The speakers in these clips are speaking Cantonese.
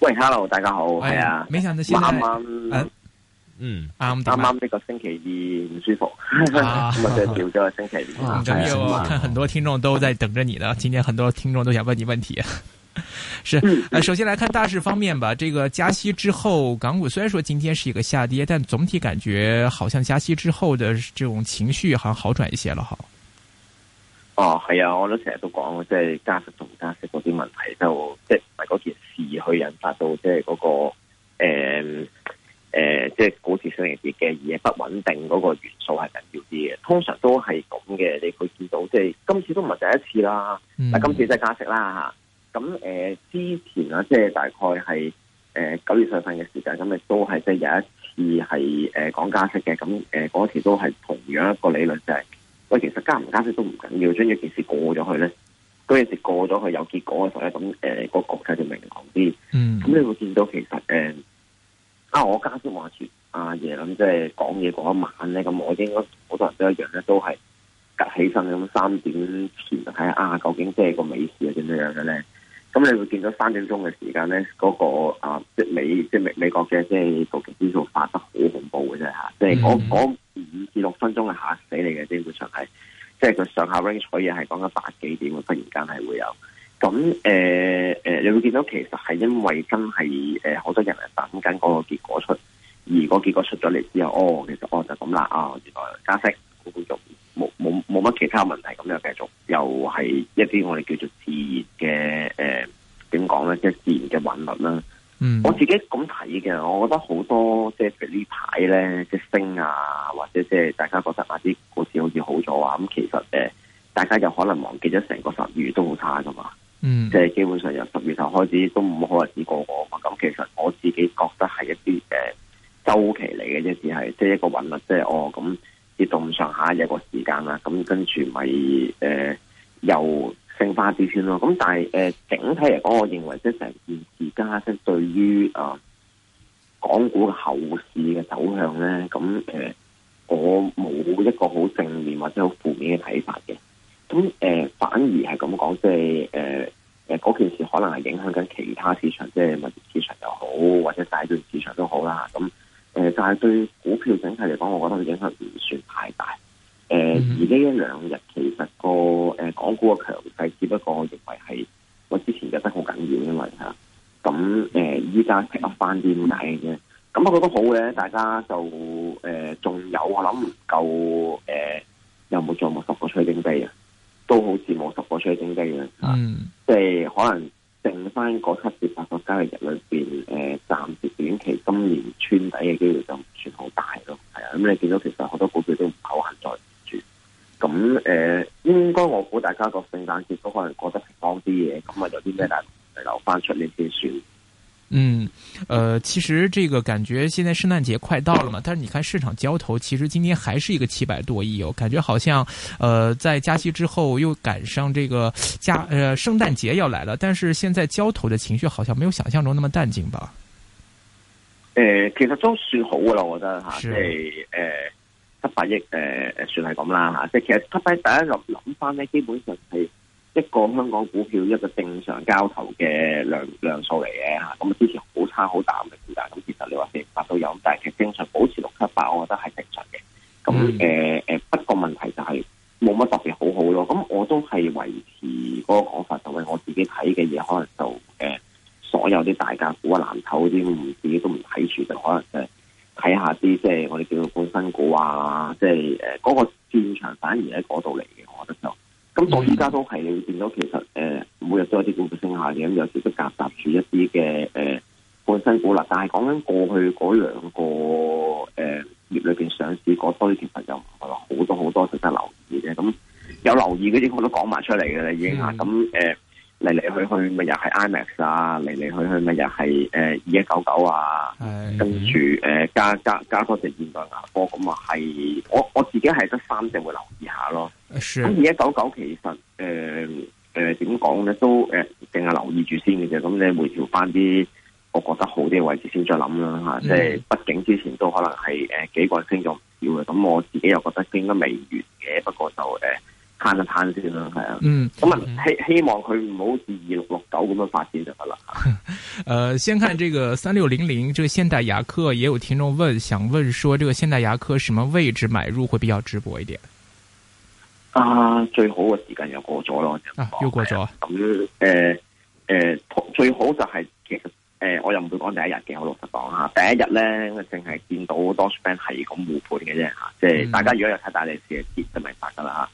喂，hello，大家好，係、哎、呀啊，啱啱，嗯，啱啱呢個星期二唔舒服，啊、 嗯，就調咗去星期。哇，睇，看很多聽眾都在等着你呢，今天很多聽眾都想問你問題。是，呃、首先來看大市方面吧。這個加息之後，港股雖然說今天是一個下跌，但總體感覺好像加息之後的這種情緒，好像好轉一些了，哈。哦，係啊，我都成日都講，即係加息同唔加息嗰啲問題，就即係嗰件事去引發到即係嗰個誒誒，即係、嗰個呃呃、股市上嘅嘅嘢不穩定嗰個元素係緊要啲嘅。通常都係咁嘅，你會見到即係今次都唔係第一次啦。嗱，今次即係加息啦吓。咁誒、呃，之前啊，即係大概係誒九月上份嘅時間，咁亦都係即係有一次係誒講加息嘅。咁誒嗰時都係同樣一個理論就係，喂，其實加唔加息都唔緊要，將呢件事過咗去咧，嗰件事過咗去有結果嘅時候咧，咁、那、誒、個，個局勢就明朗啲。嗯，咁你會見到其實誒，啊，我加息、啊、話前，阿爺諗，即係講嘢嗰一晚咧，咁我應該好多人都一樣咧都係隔起身咁三點前睇下啊，究竟即係個美市係點樣嘅咧？咁你會見到三點鐘嘅時間咧，嗰、那個啊，即美即美即美，美國嘅即係道瓊指數，發得好恐怖嘅啫吓，即係、嗯、我，我二六分鐘係嚇死你嘅，基本上係即係佢上下 range 取嘢係講緊八幾點，忽然間係會有咁誒誒，你會見到其實係因為真係誒好多人係等緊嗰個結果出，而個結果出咗嚟之後，哦，其實我就咁啦啊，原來加息繼續冇冇冇乜其他問題，咁又繼續又係一啲我哋叫做自然嘅誒點講咧，即係自然嘅運律啦。嗯，mm hmm. 我自己咁睇嘅，我覺得好多即係譬如呢排咧嘅升啊，或者即係大家覺得啊啲股市好似好咗啊，咁其實誒，大家有可能忘記咗成個十月都好差噶嘛，嗯、mm，即、hmm. 係基本上由十月頭開始都唔可能子過過，咁其實我自己覺得係一啲誒周期嚟嘅。即係係即係一個運律，即、就、係、是、哦咁波動上下一個時間啦，咁跟住咪誒又。呃又升化啲算咯，咁但係誒、呃、整體嚟講，我認為即係成件事家即係對於啊港股嘅後市嘅走向咧，咁誒、呃、我冇一個好正面或者好負面嘅睇法嘅。咁誒、呃、反而係咁講，即係誒誒嗰件事可能係影響緊其他市場，即係物業市場又好，或者債券市場都好啦。咁誒、呃、但係對股票整體嚟講，我覺得影響唔算太大。誒，而呢一兩日其實個誒港股嘅強勢，只不過我認為係我之前覺得好緊要，因為吓咁誒，依家吸翻啲奶嘅，咁、啊啊、我覺得好嘅，大家就誒仲、啊、有我諗唔夠誒，啊、沒有冇再冇十個吹征劑啊？都好似冇十個吹征劑嘅，啊、嗯，即係可能剩翻嗰七至八個交易日裏邊，誒、啊，暫時短期今年穿底嘅機會就唔算好大咯。係啊，咁你見到其實好多股票都唔夠限在。咁誒、嗯呃，應該我估大家個聖誕節都可能覺得放啲嘢，咁啊有啲咩大留翻出面先算。嗯，呃其實這個感覺現在聖誕節快到了嘛，但是你看市場交投，其實今天還是一個七百多億，哦，有感覺好像，呃在加息之後又趕上這個加呃聖誕節要來了，但是現在交投的情緒好像沒有想象中那麼淡靜吧？誒、呃，其實都算好噶啦，我覺得吓，係誒是。呃七百億誒誒，算係咁啦吓，即係其實七百第一落諗翻咧，基本上係一個香港股票一個正常交投嘅量量數嚟嘅吓，咁之前好差好淡嘅股，但咁其實你話四百都有，但大，其實正常保持六七百，我覺得係正常嘅。咁誒誒，不過、嗯呃呃、問題就係冇乜特別好好咯。咁我都係維持嗰個講法，就係、是、我自己睇嘅嘢，可能就誒、呃，所有啲大價股啊藍籌嗰啲，自己都唔睇住就可能誒。睇下啲即係我哋叫做半新股啊，即係誒嗰個戰場反而喺嗰度嚟嘅，我覺得就咁到依家都係你見到其實誒、呃、每日都有啲股票升下嘅，咁、嗯、有時都夾雜住一啲嘅誒半新股啦。但係講緊過去嗰兩個誒、呃、業裏邊上市嗰堆其實就係話好多好多，多值得留意嘅，咁有留意嗰啲我都講埋出嚟嘅啦，已經啊咁誒。嗯嚟嚟去去咪又係 IMAX 啊，嚟嚟去去咪又係誒二一九九啊，跟住誒加加加多隻現代牙科咁啊，係我我自己係得三隻會留意一下咯。咁二一九九其實誒誒點講咧都誒淨係留意住先嘅啫，咁你回調翻啲我覺得好啲嘅位置先再諗啦吓。即係的畢竟之前都可能係誒、呃、幾個升咗唔少嘅，咁我自己又覺得應該未完嘅，不過就誒。呃嘆一嘆先啦，係啊，嗯，咁啊希希望佢唔好似二六六九咁樣發展就得啦。誒、嗯，先看這個三六零零， 這個現代牙科，也有聽眾問，想問說，這個現代牙科什麼位置買入會比較值博一點？啊，最好嘅時間又過咗咯、啊，又要過咗啊，咁誒誒，最好就係、是、其實誒、呃，我又唔會講第一日嘅，我老實講啊，第一日咧，淨係見到多數 friend 係咁護盤嘅啫吓，即、啊、係、嗯、大家如果有太大利是跌就咪白噶啦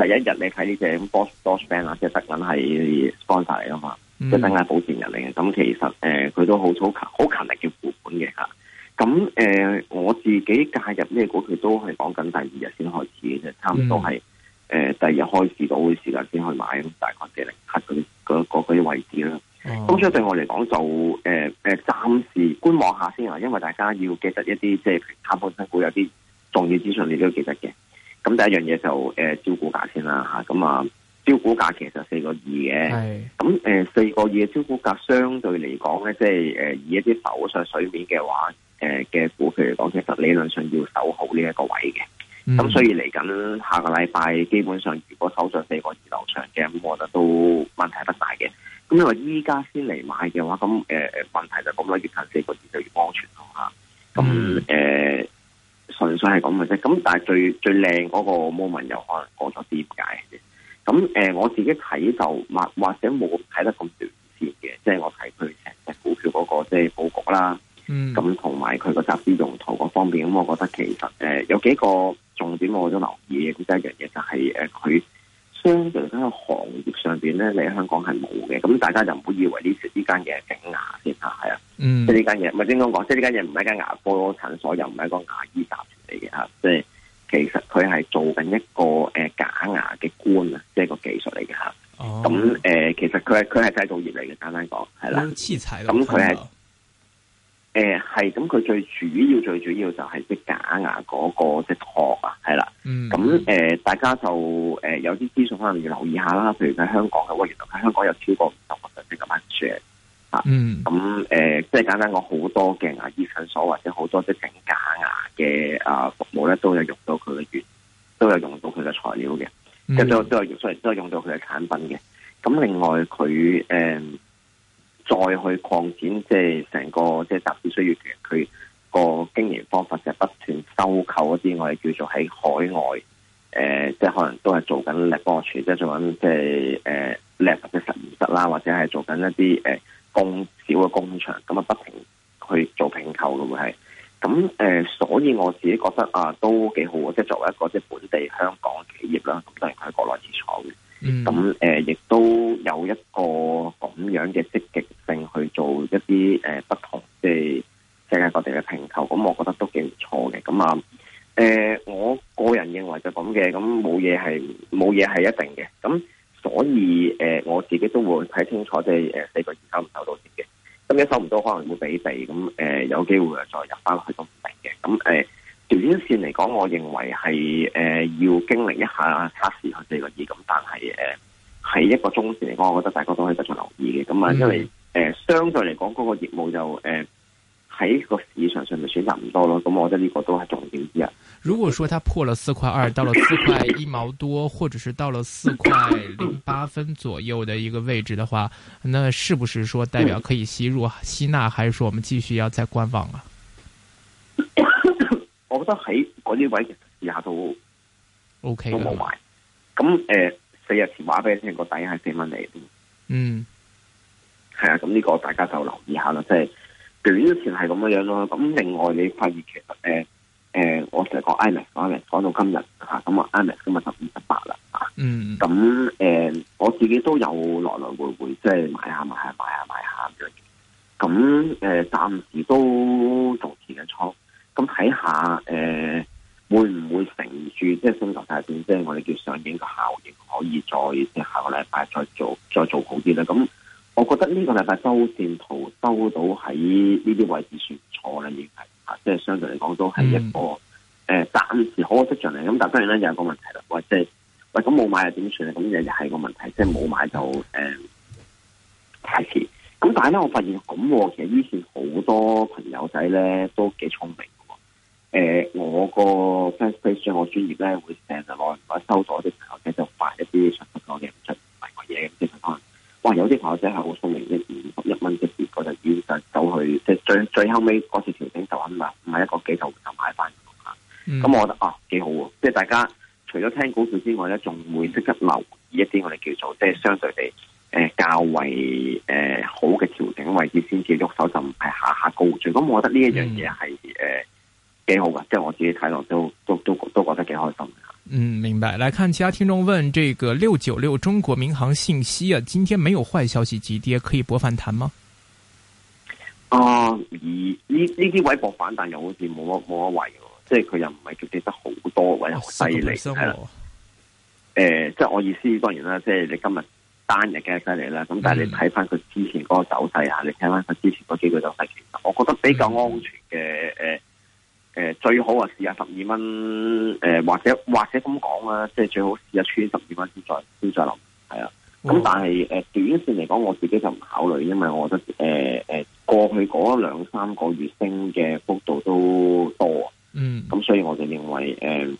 第一日你睇呢隻 bosch bank 啊，即係德銀係方太嘛，即係等下保證人嚟嘅。咁其實誒佢都好操勤好勤力嘅付款嘅吓。咁誒我自己介入咩股，佢都係講緊第二日先開始嘅啫，差唔多係誒、嗯呃、第二日開始到嗰啲時間先去買，大概嘅零刻嗰啲、那個、位置啦。咁所以對我嚟講就誒誒、呃、暫時觀望下先啊，因為大家要記得一啲即係啱本身股有啲重要資訊，你都要記得嘅。咁第一樣嘢就誒、是呃、招股價先啦嚇，咁啊招股價其實四個二嘅，咁誒四個二嘅招股價相對嚟講咧，即係誒以一啲浮上水面嘅話，誒嘅股票嚟講，其實理論上要守好呢一個位嘅。咁、嗯、所以嚟緊下，下個禮拜，基本上如果守住四個二樓上嘅，咁我覺得都問題不大嘅。咁因為依家先嚟買嘅話，咁誒、呃、問題就咁耐越近四個二就越安全啦。咁、啊、誒。嗯純粹係咁嘅啫，咁但係最最靚嗰個 moment 有可能講咗啲點解嘅啫。咁誒，我自己睇就或或者冇睇得咁短線嘅，即係我睇佢成隻股票嗰個即係布局啦。嗯，咁同埋佢個集資用途嗰方面，咁我覺得其實誒有幾個重點我都留意嘅，其中一樣嘢就係誒佢。相對喺行業上邊咧，你喺香港係冇嘅，咁大家就唔好以為呢呢間嘢係整牙先吓，係啊、嗯，即係呢間嘢，唔係應該講講，即係呢間嘢唔係一間牙科診所，又唔係一個牙醫集團嚟嘅吓，即係其實佢係做緊一個誒假牙嘅官啊，即係個技術嚟嘅吓，咁誒、哦嗯呃，其實佢係佢係製造業嚟嘅，簡單講係啦，器材咁佢係。嗯誒，係，咁佢最主要最主要就係即假牙嗰個即殼啊，係啦，咁誒、mm hmm. 呃，大家就誒、呃、有啲資訊可能要留意下啦，譬如喺香港嘅，哇，原來喺香港有超過五十個 percent 嘅啊，咁誒、呃，即係簡單講，好多嘅牙醫診所或者好多即係整假牙嘅啊服務咧，都有用到佢嘅原，都有用到佢嘅材料嘅，即、mm hmm. 都都係用，都係用到佢嘅產品嘅。咁另外佢誒。再去擴展整，即係成個即係集資需要嘅佢個經營方法，就不斷收購一啲我哋叫做喺海外，誒、呃、即係可能都係做緊 labour 即係做緊即係誒 lab 或者實驗室啦，或者係做緊一啲誒工小嘅工場，咁啊不停去做拼購嘅會係。咁誒、呃、所以我自己覺得啊都幾好，即係作為一個即係本地香港企業啦，咁當然喺國內設廠嘅，咁誒亦都有一個咁樣嘅積極。定去做一啲誒、呃、不同即係世界各地嘅評級，咁我覺得都幾唔錯嘅。咁啊，誒、呃，我個人認為就咁嘅，咁冇嘢係冇嘢係一定嘅。咁所以誒、呃，我自己都會睇清楚即係誒、呃、四個字收唔收到先嘅。咁一收唔到，可能會俾地。咁誒、呃、有機會啊，再入翻去都唔定嘅。咁誒、呃，短線嚟講，我認為係誒、呃、要經歷一下測試四個字。咁但係誒喺一個中線嚟講，我覺得大家都可以繼續留意嘅。咁啊，因為、嗯。誒，相對嚟講，嗰、那個業務就誒喺、呃、個市場上面選擇唔多咯，咁我覺得呢個都係重點之一。如果說他破了四塊二，到了四塊一毛多， 或者是到了四塊零八分左右的一個位置的話，那是不是說代表可以吸入吸納，還是說我們繼續要再觀望啊？ 我覺得喺嗰啲位其實試下都 OK，冇買。咁誒，四日前話俾你聽，個底係四蚊嚟嗯。嗯係啊，咁呢個大家就留意下啦，即係短線係咁樣樣咯。咁另外你發現其實誒誒、呃呃，我成日講 Annie Annie 講到今日吓，咁啊 Annie 今日十二十八啦，啊、嗯，咁誒、呃，我自己都有來來回回，即係買下買下買下買下咁樣。咁誒，暫時都維持緊倉，咁睇下誒，會唔會成住即係星球大戰，即係我哋叫上映嘅效應，可以再即下個禮拜再做再做好啲咧？咁。我覺得呢個禮拜收線圖收到喺呢啲位置算唔錯啦，亦係即係相對嚟講都係一個、嗯呃、暫暫時好嘅跡象嚟，咁但係咧就有一個問題啦，喂，即係喂咁冇買又點算咧？咁又又係個問題，即係冇買就誒太遲。咁但係咧，我發現咁，其實以前好多朋友仔咧都幾聰明嘅喎。誒、呃，我個 Facebook 我專頁咧會成日攞攞收咗啲。有啲朋友仔係好聰明，一五十一蚊嘅跌，我就要就走去，即係最最後尾嗰次調整就咁啦，買一個幾頭就買翻。咁、嗯、我覺得啊，幾好啊！即係大家除咗聽股票之外咧，仲會識得留意一啲我哋叫做、嗯、即係相對地誒、呃、較為誒、呃、好嘅調整位置先至喐手，就唔係下下高追。咁我覺得呢一樣嘢係誒幾好噶，嗯、即係我自己睇落都都都都，都覺得幾開心的。嗯，明白。來看其他聽眾問：這個六九六中國民航信息啊，今天沒有壞消息，急跌可以博反彈嗎？啊、呃，而呢呢啲位博反彈又好似冇乜冇乜位，即係佢又唔係叫跌得好多位犀利係啦。誒，即係我意思，當然啦，即係你今日單日嘅犀利啦。咁但係你睇翻佢之前嗰個走勢啊，嗯、你睇翻佢之前嗰幾個走勢，其實我覺得比較安全嘅誒。嗯呃誒，最好啊試下十二蚊，誒或者或者咁講啦，即係最好試下穿十二蚊先再先再諗，係啊哇。咁但係誒、呃、短線嚟講，我自己就唔考慮，因為我覺得誒誒、呃、過去嗰兩三個月升嘅幅度都多，嗯。咁所以我哋認為誒、呃、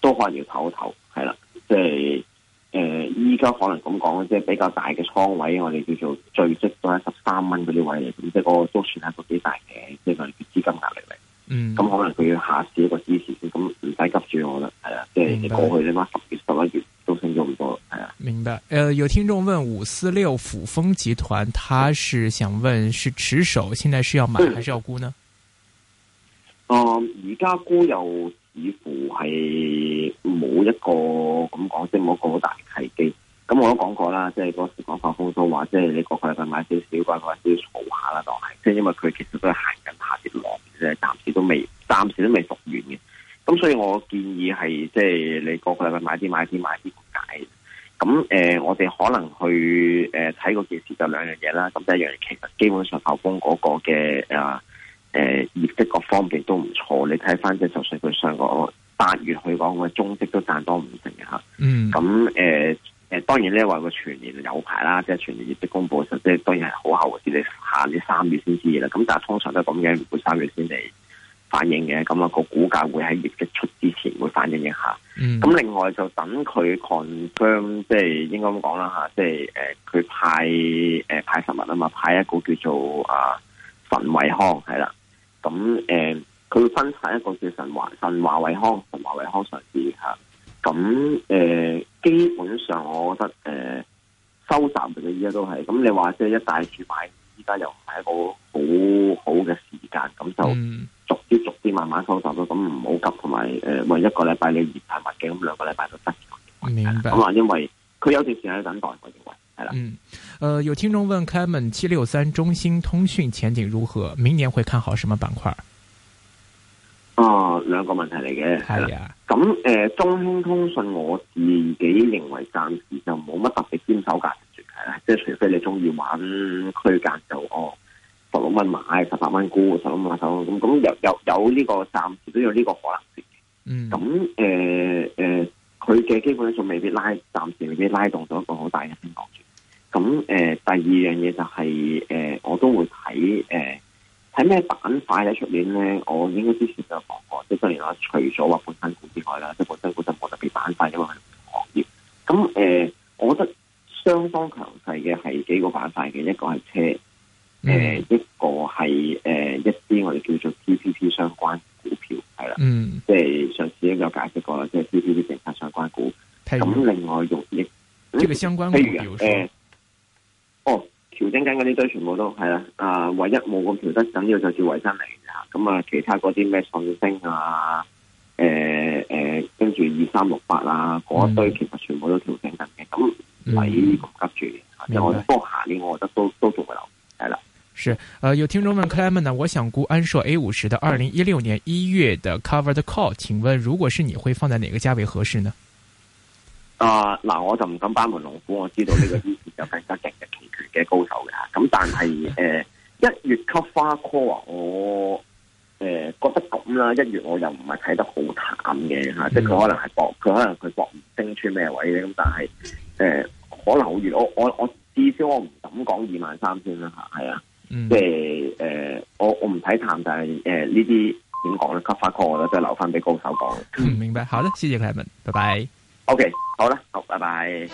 都可能要唞一唞，係啦、就是呃。即係誒依家可能咁講即係比較大嘅倉位，我哋叫做累積到喺十三蚊嗰啲位嚟，咁即係個都算係一個幾大嘅即係個資金壓力嚟。嗯，咁可能佢要下試一個支持咁，唔使急住我啦，係啊，即係白過去你碼十月十一月都升咗咁多，係啊。明白。誒、呃，有聽眾問五四六阜豐集團，他是想問是持守，現在是要買還是要沽呢？哦、嗯，而、呃、家沽又似乎係冇一個咁講，即係冇個大契機。咁我都講過啦，即係嗰時講發風都話，即係你個個禮拜買少少，或者話少儲下啦，當係，即係因為佢其實都係行緊下跌浪嘅，即係暫時都未，暫時都未復完嘅。咁所以我建議係，即係你個個禮拜買啲買啲買啲解。咁、呃、我哋可能去誒睇個件事就兩樣嘢啦。咁第一樣嘢其實基本上後工嗰個嘅啊業績各方面都唔錯，你睇翻隻就數據上個八月去講嘅、嗰個、中績都賺多五成嘅咁、嗯誒、呃，當然呢，話佢全年有排啦，即係全年業績公布，實當然係好後啲，你下年三月先知啦。咁但係通常都係咁嘅，會三月先嚟反映嘅。咁啊，個股價會喺業績出之前會反映一下。咁、嗯、另外就等佢確認，即係應該咁講啦吓，即係誒，佢、呃、派誒、呃、派實物啊嘛，派一個叫做啊神偉康係啦。咁誒，佢、嗯、會、呃、分派一個叫神華神華偉康，神華偉康上市吓。咁、啊、誒。嗯呃基本上，我覺得誒、呃、收集嘅依家都係咁。那你話即係一大處買，依家又唔係一個很好好嘅時間，咁就逐啲逐啲慢慢收集咯。咁唔好急，同埋誒，為、呃、一個禮拜你熱帶環境，兩個禮拜就得。我明白咁啊？因為佢有段時間喺度等待，我認為係啦。嗯，呃，有聽眾問 Kamen 七六三中興通訊前景如何？明年會看好什麼板塊？哦，兩個問題嚟嘅，係啦的。咁誒、嗯呃，中興通訊我自己認為暫時就冇乜特別堅守價值股啦，即係除非你中意玩區間就我十六蚊買，十八蚊沽，十六蚊手。咁，咁有有有呢個暫時都有呢個可能性。嗯。咁誒誒，佢、呃、嘅、呃、基本咧仲未必拉，暫時未必拉動到一個好大嘅升幅。咁誒、呃，第二樣嘢就係、是、誒、呃，我都會睇誒。呃喺咩板塊喺出面咧？我應該之前就講過，即係當然啦，除咗話本身股之外啦，即係本身股就冇特別板塊，因為行業。咁誒、呃，我覺得相當強勢嘅係幾個板塊嘅，一個係車，誒、呃嗯、一個係誒、呃、一啲我哋叫做 T P P 相關股票，係啦，嗯，即係上次已經有解釋過啦，即係 T P P 政策相關股。咁陽另外，用益呢個相關股，誒如。因嗰啲堆全部都係啦，啊，唯一冇咁調得緊要就叫維生嚟吓，咁啊，其他嗰啲咩創星啊，誒誒，跟住二三六八啦，嗰一堆其實全部都調整緊嘅，咁唔係咁急住，即係我多下年，我覺得都都仲留。係啦。是， 誒，有聽眾問 Clement 呢，我想估安碩 A 五十嘅二零一六年一月嘅 Covered Call，請問如果是你會放在哪個價位合適呢？啊，嗱，我就唔敢班門弄斧，我知道呢個呢就更加勁嘅嘅高手嘅，咁但係誒一月期貨 call 啊，我、呃、誒覺得咁啦，一月我又唔係睇得好淡嘅吓白、啊，即係佢可能係搏，佢可能佢搏唔升穿咩位咧，咁但係誒、呃、可能好遠，我我我至少我唔敢講二萬三千啦吓，係啊，即係誒我我唔睇淡，但係誒、呃、呢啲點講咧，期貨 call，我覺得都係留翻俾高手講。嗯，明白，好啦，謝謝佢哋們，拜拜。OK，好啦，好，拜拜。